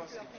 Υπότιτλοι